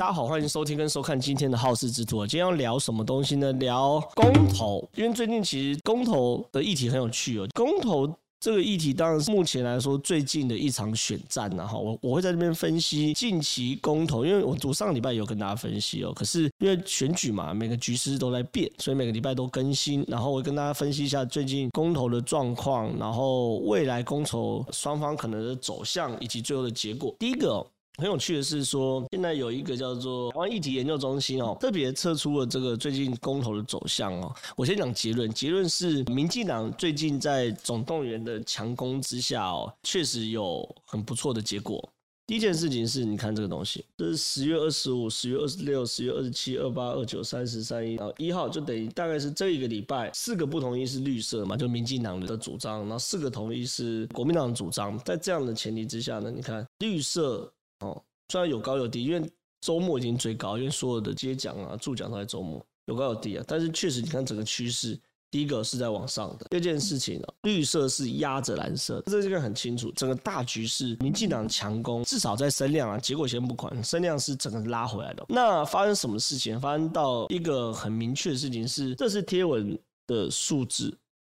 大家好，歡迎收聽跟收看今天的《皓事之徒》。今天要聊什麼東西呢？聊公投，因為最近其實公投的議題很有趣哦。公投這個議題，當然是目前來說最近的一場選戰啊，然後我我會在這邊分析近期公投，因為我昨上個禮拜有跟大家分析哦。可是因為選舉嘛，每個局勢都在變，所以每個禮拜都更新。然後我跟大家分析一下最近公投的狀況，然後未來公投雙方可能的走向以及最後的結果。第一個、哦。很有趣的是，說現在有一個叫做臺灣議題研究中心哦，特別測出了這個最近公投的走向哦。我先講結論，結論是民進黨最近在總動員的強攻之下哦，確實有很不錯的結果。第一件事情是，你看這個東西，這是十月二十五、十月二十六、十月二十七、二八、二九、三十三一，然後一號就等於大概是這一個禮拜，四個不同意是綠色嘛，就民進黨的主張，然後四個同意是國民黨的主張。在這樣的前提之下呢，你看綠色。哦，雖然有高有低，因為周末已經最高，因為所有的街講啊、助講都在周末，有高有低啊。但是確實，你看整個趨勢，第一個是在往上的。第二件事情、哦、綠色是壓着藍色，這這邊很清楚。整個大局勢，民進黨強攻，至少在聲量啊。結果先不管，聲量是整個拉回來的。那發生什麼事情？發生到一個很明確的事情是，這是貼文的數字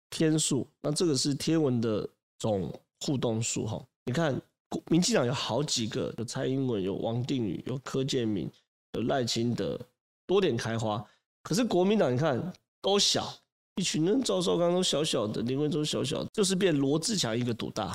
篇數，那這個是貼文的總互動數哈、哦。你看。民進黨有好幾個，有蔡英文，有王定宇，有柯建銘，有賴清德，多點開花。可是國民黨你看都小，一群人趙少康都小小的，林文忠小小的，就是變羅智強一個獨大。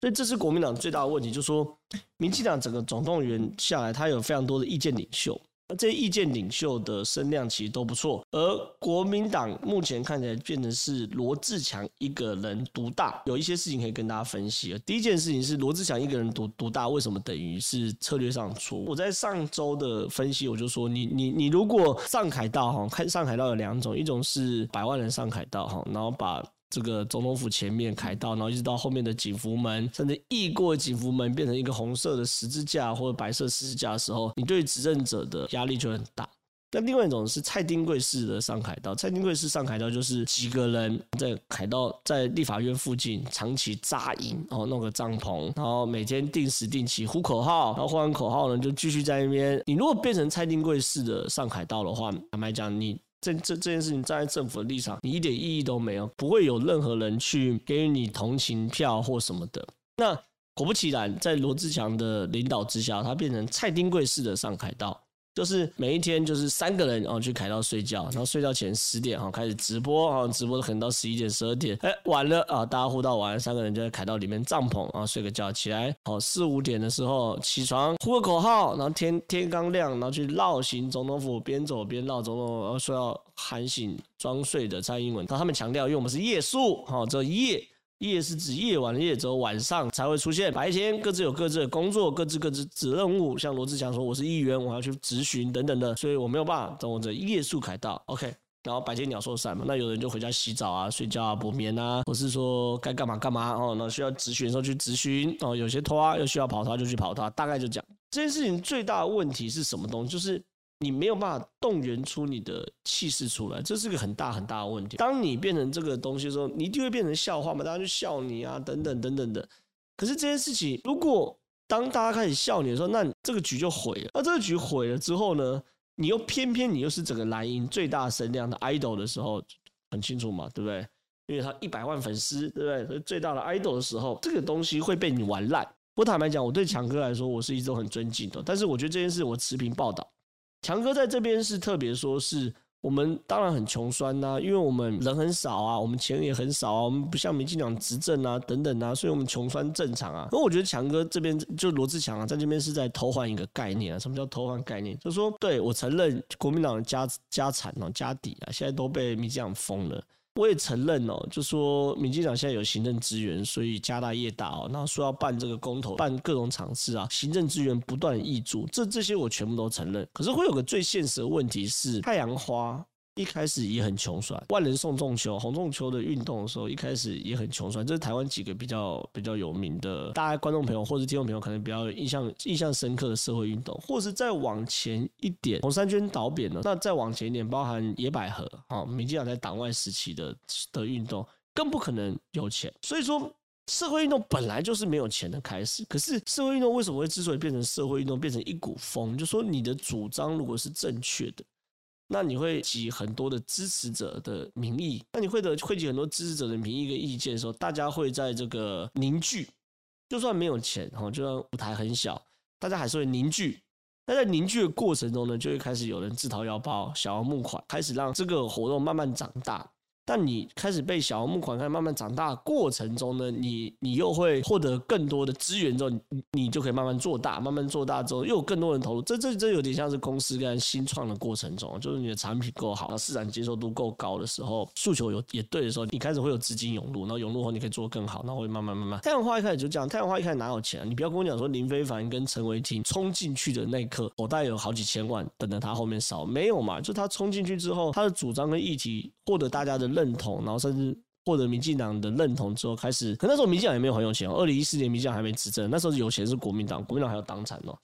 所以這是國民黨最大的問題，就是說民進黨整個總動員下來，他有非常多的意見領袖。那這意見領袖的聲量其實都不錯，而國民黨目前看起來變成是羅志強一個人獨大，有一些事情可以跟大家分析。第一件事情是羅志強一個人獨獨大，為什麼等於是策略上出錯。我在上週的分析我就說你，你你你如果上凱道哈，看上凱道有兩種，一種是百萬人上凱道哈，然後把這個總統府前面凱道，然後一直到後面的景福門，甚至越過景福門變成一個紅色的十字架或者白色十字架的時候，你對執政者的壓力就很大。但另外一種是蔡丁貴式的上凱道，蔡丁貴式上凱道就是幾個人在凱道、在立法院附近長期紮營，然後弄個帳篷，然後每天定時定期呼口號，然後呼完口號呢就繼續在那邊。你如果變成蔡丁貴式的上凱道的話，坦白講你。這這這件事情，站在政府的立場，你一點意義都沒有，不會有任何人去給予你同情票或什麼的。那果不其然，在羅智強的領導之下，他變成蔡丁貴式的上凱道。就是每一天就是三個人哦去凱道睡覺，然後睡覺前十點哦開始直播啊，直播可能到十一點、十二點，哎晚了啊，大家互道晚安，三個人就在凱道裡面帳篷啊睡個覺，起來好四五點的時候起床呼個口號，然後天天剛亮，然後去繞行總統府，邊走邊繞總統府，然後說要喊醒裝睡的蔡英文。然後他們強調，因為我們是夜宿，好，這夜。夜是指夜晚、的夜，只有晚上才會出現，白天各自有各自的工作，各自各自指任務。像羅智強說我是議員，我要去質詢等等的，所以我沒有辦法掌握着夜宿凱道。OK，然後白天鳥獸散嘛，那有人就回家洗澡啊、睡覺啊、補眠啊，或是說該幹嘛幹嘛哦。那需要質詢的時候去質詢哦，有些拖、啊、又需要跑拖就去跑拖，大概就講這，這件事情最大的問題是什麼東西，就是。你沒有辦法動員出你的氣勢出來，這是個很大很大的問題。當你變成這個東西的時候，你一定會變成笑話嘛，大家就笑你啊，等等等等的。可是這件事情，如果當大家開始笑你的時候，那這個局就毀了。那這個局毀了之後呢？你又偏偏你又是整個藍營最大聲量的 idol 的時候，很清楚嘛，對不對？因為他一百萬粉絲，對不對？所以最大的 idol 的時候，這個東西會被你玩爛。我坦白講，我對強哥來說，我是一直都很尊敬的。但是我覺得這件事，我持平報道。強哥在這邊是特別說，是我們當然很窮酸啊，因為我們人很少啊，我們錢也很少啊，我們不像民進黨執政啊，等等啊，所以我們窮酸正常啊。那我覺得強哥這邊就羅智強啊，在這邊是在偷換一個概念啊。什麼叫偷換概念？就是說，對，我承認國民黨的家家產啊、家底啊，現在都被民進黨封了。我也承認哦，就說民進黨現在有行政資源，所以家大業大哦，那說要辦這個公投，辦各種場次啊，行政資源不斷挹注，這這些我全部都承認。可是會有個最現實的問題是太陽花，一開始也很窮酸，萬人送仲丘、洪仲丘的運動的時候，一開始也很窮酸。這是台灣幾個比較比較有名的，大家觀眾朋友或者聽眾朋友可能比較印象印象深刻的社會運動，或是再往前一點，紅衫軍倒扁了，那再往前一點，包含野百合，好，民進黨在黨外時期的的運動，更不可能有錢。所以說，社會運動本來就是沒有錢的開始。可是，社會運動為什麼會之所以變成社會運動，變成一股風，就是說你的主張如果是正確的。那你會集很多的支持者的名義，那你會的會集很多支持者的名義跟意見的時候，說大家會在這個凝聚，就算沒有錢哈，就算舞台很小，大家還是會凝聚。那在凝聚的過程中呢，就會開始有人自掏腰包，想要募款，開始讓這個活動慢慢長大。但你開始被小額募款開始，慢慢長大過程中呢，你你又會獲得更多的資源之後，你你就可以慢慢做大，慢慢做大之後，又有更多人投入。這這這有點像是公司跟新創的過程中，就是你的產品夠好，然後市場接受度夠高的時候，訴求有也對的時候，你開始會有資金湧入，然後湧入後你可以做更好，然後會慢慢慢慢。太陽花一開始就這樣，太陽花一開始哪有錢啊？你不要跟我講說林飛帆跟陳為廷衝進去的那一刻，口袋有好幾千萬等着他後面燒，沒有嘛？就他衝進去之後，他的主張跟議題獲得大家的。認同，然後甚至獲得民進黨的認同之後，開始。可那時候民進黨也沒有很有錢哦。二零一四年民進黨還沒執政，那時候有錢是國民黨，國民黨還有黨產哦。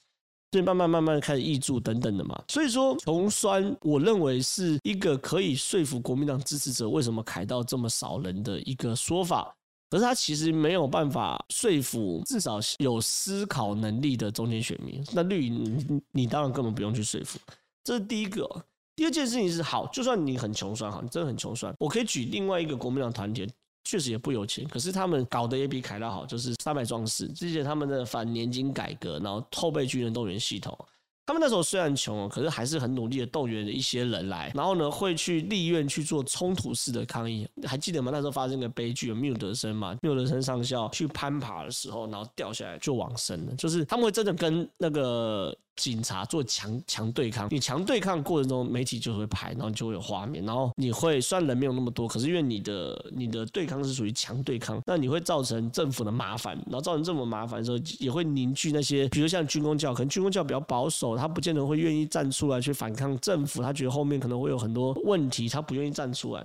所以慢慢慢慢開始挹注等等的嘛。所以說窮酸，重我認為是一個可以說服國民黨支持者為什麼凱道這麼少人的一個說法。可是他其實沒有辦法說服至少有思考能力的中間選民。那綠，你，你當然根本不用去說服。這是第一個哦。第二件事情是好，就算你很窮酸，好，你真的很窮酸。我可以舉另外一個國民黨團體，確實也不有錢，可是他們搞得也比凱道好，就是三百壯士之前他們的反年金改革，然後後備軍人動員系統，他們那時候雖然窮，可是還是很努力的動員了一些人來，然後呢會去立院去做衝突式的抗議，還記得嗎？那時候發生一個悲劇，有繆德生嘛，繆德生上校去攀爬的時候，然後掉下來就往生了，就是他們會真的跟那個。警察做強強對抗，你強對抗過程中，媒體就會拍，然後就會有畫面，然後你會雖然人沒有那麼多，可是因為你的你的對抗是屬於強對抗，那你會造成政府的麻煩，然後造成政府麻煩的時候，也會凝聚那些，比如像軍公教，可能軍公教比較保守，他不見得會願意站出來去反抗政府，他覺得後面可能會有很多問題，他不願意站出來。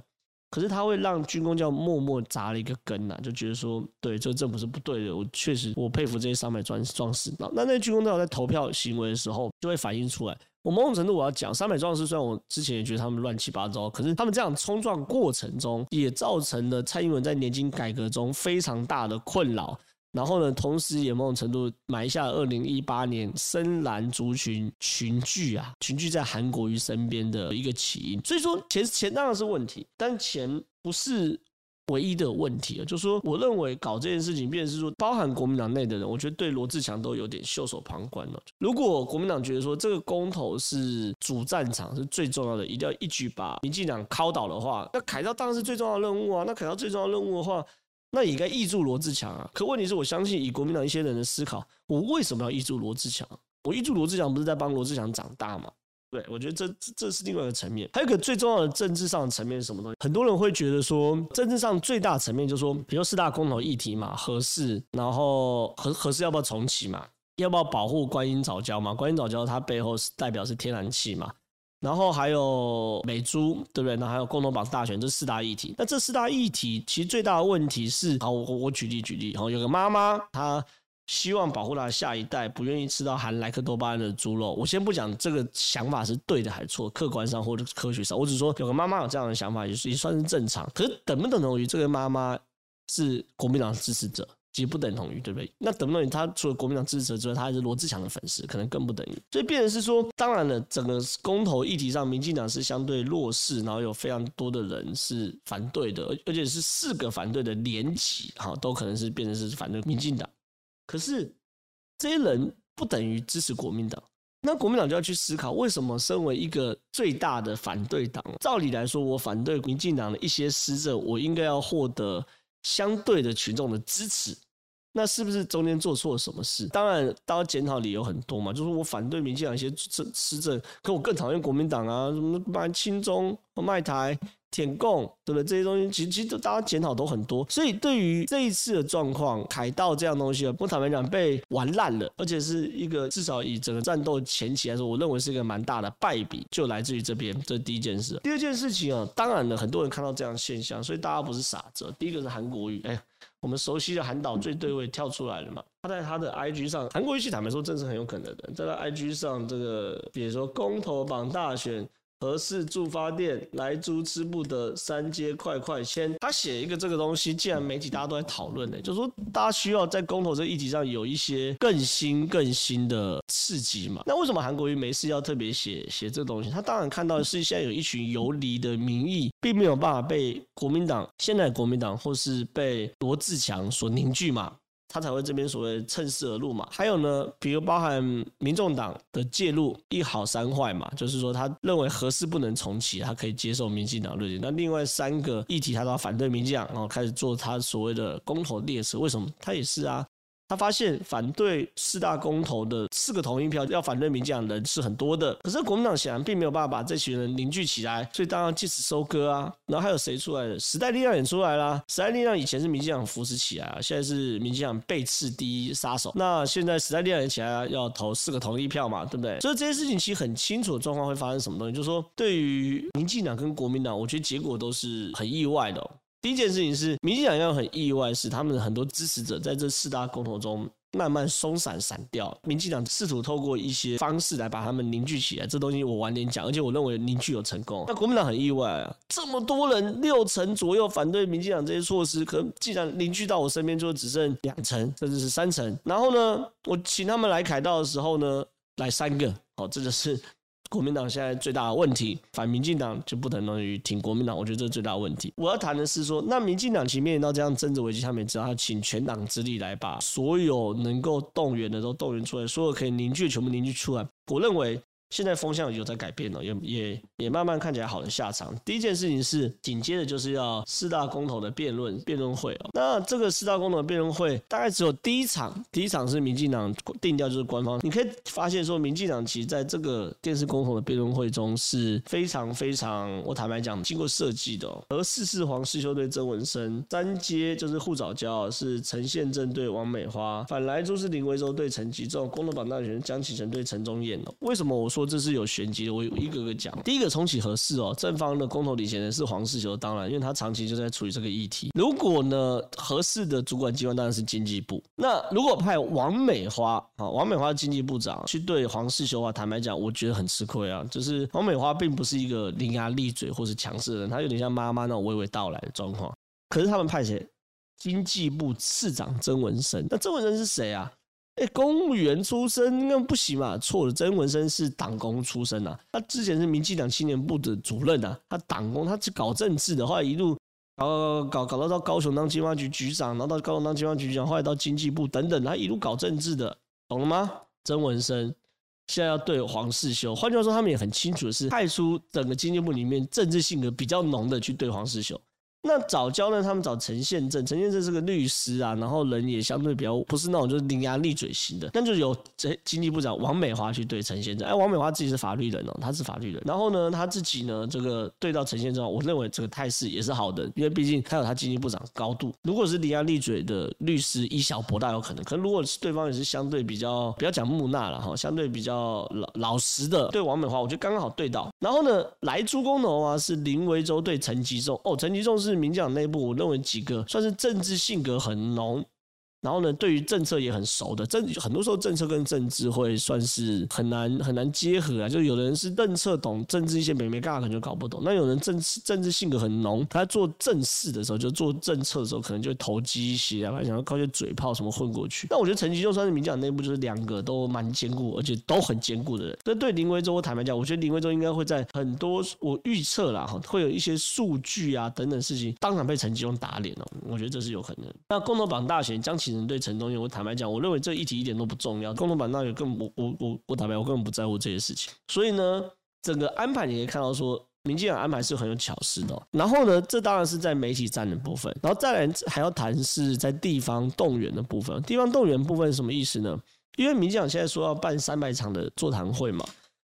可是他會讓軍公教默默扎了一個根吶，就覺得說，對，這政府是不對的。我確實，我佩服這些三百壯士壯士。那那些軍公教在投票行為的時候，就會反映出來。我某種程度我要講，三百壯士雖然我之前也覺得他們亂七八糟，可是他們這樣衝撞過程中，也造成了蔡英文在年金改革中非常大的困擾。然後呢，同時也某種程度埋下二零一八年深藍族群群聚啊，群聚在韓國瑜身邊的一個起因。所以說錢錢當然是問題，但錢不是唯一的問題啊。就是、說我認為搞這件事情，變成是說包含國民黨內的人，我覺得對羅志強都有點袖手旁觀了。如果國民黨覺得說這個公投是主戰場，是最重要的，一定要一舉把民進黨敲倒的話，那凱道當然是最重要的任務啊。那凱道最重要的任務的話。那也該挹注羅智強啊！可問題是我相信，以國民黨一些人的思考，我為什麼要挹注羅智強？我挹注羅智強不是在幫羅智強長大嗎？對，我覺得這這是另外一個層面。還有一個最重要的政治上的層面是什麼東西？很多人會覺得說，政治上最大層面就是說，比如四大公投議題嘛，核四，然後核核四要不要重啟嘛？要不要保護觀音藻礁嘛？觀音藻礁它背後是代表是天然氣嘛？然後還有美豬，對不對？那還有公投綁大選，這四大議題。那這四大議題其實最大的問題是，好，我我舉例舉例，然後有個媽媽她希望保護她下一代，不願意吃到含萊克多巴胺的豬肉。我先不講這個想法是對的還是錯，客觀上或者科學上，我只說有個媽媽有這樣的想法，也也算是正常。可是等不等同於這個媽媽是國民黨支持者？其實不等同於，對不對？那等不等於他除了國民黨支持者之外，他還是羅智強的粉絲，可能更不等於。所以變成是說，當然了，整個公投議題上，民進黨是相對弱勢，然後有非常多的人是反對的，而且是四個反對的連起，哈，都可能是變成是反對民進黨。可是這些人不等於支持國民黨，那國民黨就要去思考，為什麼身為一個最大的反對黨，照理來說，我反對民進黨的一些施政，我應該要獲得相對的群眾的支持。那是不是中間做錯了什麼事？當然，大家檢討理由很多嘛，就是我反對民進黨一些施施政，可我更討厭國民黨啊，什麼賣親中、賣台、舔共，對不對？這些東西其實其實大家檢討都很多。所以對於這一次的狀況，凱道這樣東西，啊，我坦白講被玩爛了，而且是一個至少以整個戰鬥前期來說，我認為是一個蠻大的敗筆，就來自於這邊。這是第一件事。第二件事情啊，當然了，很多人看到這樣現象，所以大家不是傻子。第一個是韓國瑜，哎、欸。我們熟悉的韓導最對位跳出來了嘛。他在他的 IG 上，韓國瑜坦白說，真是很有可能的。在他 IG 上，這個比如說公投綁大選。核四住發電，萊豬之不得三接快快先，他寫一個這個東西，既然媒體大家都在討論呢，就是說大家需要在公投這議題上有一些更新更新的刺激嘛。那為什麼韓國瑜沒事要特別寫寫這東西？他當然看到的是現在有一群游離的民意，並沒有辦法被國民黨現在國民黨或是被羅智強所凝聚嘛。他才會這邊所謂趁勢而入嘛，還有呢，比如包含民眾黨的介入一好三壞嘛，就是說他認為核四不能重啟，他可以接受民進黨入境。那另外三個議題他都要反對民進黨，然後開始做他所謂的公投列車，為什麼？他也是啊。他發現反對四大公投的四個同意票要反對民進黨的人是很多的，可是國民黨顯然並沒有辦法把這群人凝聚起來，所以當然借此收割啊。然後還有誰出來的？時代力量也出來了。時代力量以前是民進黨扶持起來，啊，現在是民進黨背刺第一殺手。那現在時代力量也起來要投四個同意票嘛，對不對？所以這些事情其實很清楚，狀況會發生什麼東西，就是說對於民進黨跟國民黨，我覺得結果都是很意外的哦。第一件事情是，民進黨要很意外，是他們很多支持者在這四大公投中慢慢鬆散散掉。民進黨試圖透過一些方式來把他們凝聚起來，這東西我晚點講。而且我認為凝聚有成功。那國民黨很意外啊，這麼多人六成左右反對民進黨這些措施，可既然凝聚到我身邊，就只剩兩成甚至是三成。然後呢，我請他們來凱道的時候呢，來三個，好，這就是。國民黨現在最大的問題，反民進黨就不等同於挺國民黨，我覺得這是最大的問題。我要談的是說，那民進黨其實面臨到這樣政治危機下面，只要他請全黨之力來把所有能夠動員的都動員出來，所有可以凝聚全部凝聚出來。我認為。現在風向有在改變了，也也也慢慢看起來好的下場。第一件事情是，緊接着就是要四大公投的辯論辯論會哦。那這個四大公投的辯論會，大概只有第一場，第一場是民進黨定調就是官方，你可以發現說，民進黨其實在這個電視公投的辯論會中是非常非常，我坦白講，經過設計的哦。而四四黃士修對曾文生，三接就是護藻礁是陳憲政對王美花，反萊就是林為洲對陳吉仲，公投綁大選江啟臣對陳宗彥哦。為什麼我說說這是有玄機的，我有一個個，個講。第一個重啟核四哦，正方的公投領銜人是黃士修，當然，因為他長期就在處理這個議題。如果呢，核四的主管機關當然是經濟部。那如果派王美花啊、哦，王美花的經濟部長去對黃士修的話，坦白講，我覺得很吃虧啊。就是王美花並不是一個伶牙俐嘴或是強勢的人，她有點像媽媽那種娓娓道來的狀況。可是他們派誰？經濟部次長曾文生，那曾文生是誰啊？哎、欸，公務員出身，那不行嘛，錯了，曾文生是黨工出身吶、啊，他之前是民進黨青年部的主任吶、啊，他黨工，他是搞政治的，後來一路搞搞搞搞到到高雄當經發局局長，然後到高雄當經發局局長，後來到經濟部等等，他一路搞政治的，懂了嗎？曾文生現在要對黃世修，換句話說，他們也很清楚的是派出整個經濟部裡面政治性格比較濃的去對黃世修。那藻礁呢？他們找陳憲政，陳憲政是個律師啊，然後人也相對比較不是那種就是伶牙俐嘴型的。那就有這、欸、經濟部長王美花去對陳憲政，哎、欸，王美花自己是法律人哦、喔，他是法律人。然後呢，他自己呢，這個對到陳憲政，我認為這個態勢也是好的，因為畢竟他有他經濟部長高度。如果是伶牙俐嘴的律師以小博大有可能，可能如果是對方也是相對比較不要講木訥了哈，相對比較老老實的對王美花，我覺得剛剛好對到。然後呢，萊豬公投啊，是林為洲對陳吉仲，哦、喔，陳吉仲是。民進黨內部，我認為幾個算是政治性格很濃。然後呢，對於政策也很熟的政，很多時候政策跟政治會算是很難很難結合啊，就有的人是政策懂政治一些，沒沒幹可能就搞不懂。那有人政治政治性格很濃，他在做政事的時候就做政策的時候，可能就會投機一些啊，想要靠些嘴炮什麼混過去。那我覺得陳吉仲算是民進黨內部就是兩個都蠻堅固，而且都很堅固的人。那對林為洲我坦白講，我覺得林為洲應該會在很多我預測啦，哈，會有一些數據啊等等事情當場被陳吉仲打臉哦。我覺得這是有可能。那共同黨大選將其對陳東義，我坦白講，我認為這一題一點都不重要。共同版那邊更我我我我坦白，我根本不在乎這些事情。所以呢，整個安排你可以看到說，說民進黨安排是很有巧思的、哦。然後呢，這當然是在媒體戰的部分，然後再來還要談是在地方動員的部分。地方動員部分是什麼意思呢？因為民進黨現在說要辦三百場的座談會嘛，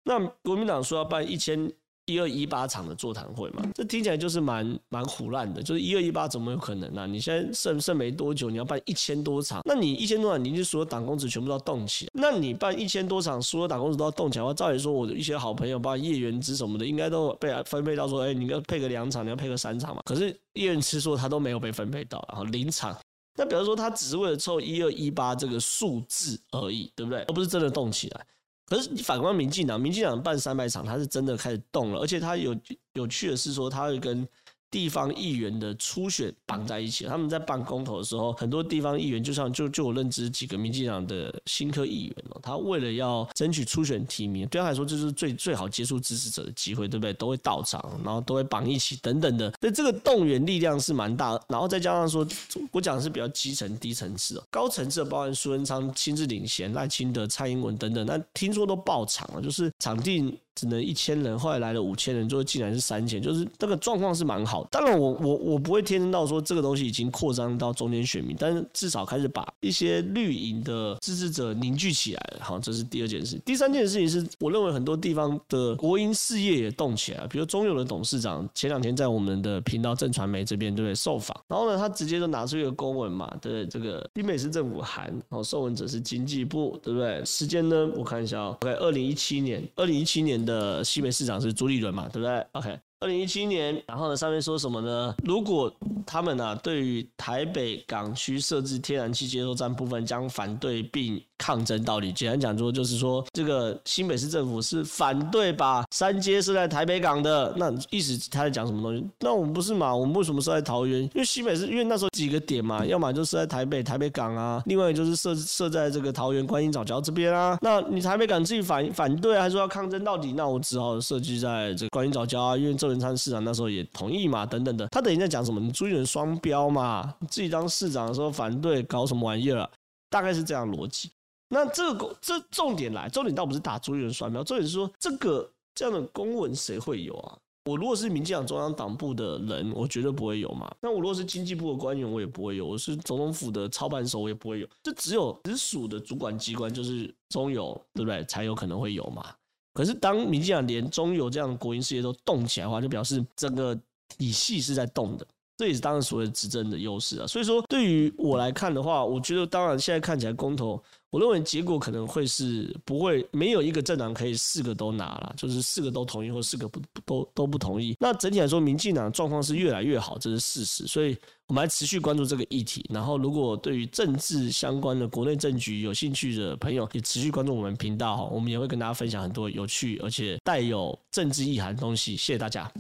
那國民黨說要辦一千。一二一八場的座談會嘛，這聽起來就是蠻蠻唬爛的。就是一二一八怎麼有可能呢？啊？你現在剩剩沒多久，你要辦一千多場，那你一千多場，你就所有黨工子全部都要動起來。那你辦一千多場，所有黨工子都要動起來。我照理說，我的一些好朋友，包括葉元之什麼的，應該都被分配到說，哎、欸，你要配個兩場，你要配個三場嘛。可是葉元之說他都沒有被分配到，然後零場。那比如說，他只是為了湊一二一八這個數字而已，對不對？而不是真的動起來。可是你反觀民進黨，民進黨辦三百場，他是真的開始動了，而且他有有趣的是說，他會跟。地方議員的初選綁在一起，他們在辦公投的時候，很多地方議員就像就就我認知幾個民進黨的新科議員哦，他為了要爭取初選提名，對他來說就是最最好接觸支持者的機會，對不對？都會到場，然後都會綁一起等等的，所以這個動員力量是蠻大的。然後再加上說，我講的是比較基層低層次哦，高層次的包含蘇貞昌親自領銜、賴清德、蔡英文等等，但聽說都爆場了，就是場地。只能一千人，後來來了五千人，最後竟然是三千，就是那個狀況是蠻好的。當然我，我我我不會天真到說這個東西已經擴張到中間選民，但是至少開始把一些綠營的支持者凝聚起來了。好，這是第二件事。第三件事情是，我認為很多地方的國營事業也動起來了，比如中油的董事長前兩天在我們的頻道震傳媒這邊對不對受訪？然後呢，他直接就拿出一個公文嘛，對不對？這個因為是政府函，然後受文者是經濟部，對不對？時間呢？我看一下啊，哦，OK，二零一七年，二零一七年。的新北市長是朱立倫嘛，對不對？OK，二零一七年，然後呢，上面說什麼呢？如果他們呢、啊，對於台北港區設置天然氣接收站部分將反對並。抗爭到底，簡單講說就是說，這個新北市政府是反對把三接設在台北港的，那意思他在講什麼東西？那我們不是嘛？我們為什麼設在桃園？因為新北市，因為那時候幾個點嘛，要麼就是設在台北台北港啊，另外就是設設在這個桃園觀音藻礁這邊啊。那你台北港自己反反對，啊，還是說要抗爭到底，那我只好設計在這個觀音藻礁啊，因為周仁昌市長那時候也同意嘛，等等的。他等於在講什麼？你注意人雙標嘛，你自己當市長的時候反對搞什麼玩意兒啊，大概是這樣邏輯。那這個這重點來，重點倒不是打朱一龍算票，重點是說這個這樣的公文誰會有啊？我如果是民進黨中央黨部的人，我絕對不會有嘛。那我如果是經濟部的官員，我也不會有。我是總統府的操盤手，我也不會有。這只有直屬的主管機關，就是中油，對不對？才有可能會有嘛。可是當民進黨連中油這樣的國營事業都動起來的話，就表示整個體系是在動的。這也是當然所謂執政的優勢啊，所以說對於我來看的話，我覺得當然現在看起來公投，我認為結果可能會是不會沒有一個政黨可以四個都拿了，就是四個都同意或四個不都都不同意。那整體來說，民進黨的狀況是越來越好，這是事實。所以我們還持續關注這個議題。然後如果對於政治相關的國內政局有興趣的朋友，也持續關注我們頻道哈，我們也會跟大家分享很多有趣而且帶有政治意涵的東西。謝謝大家。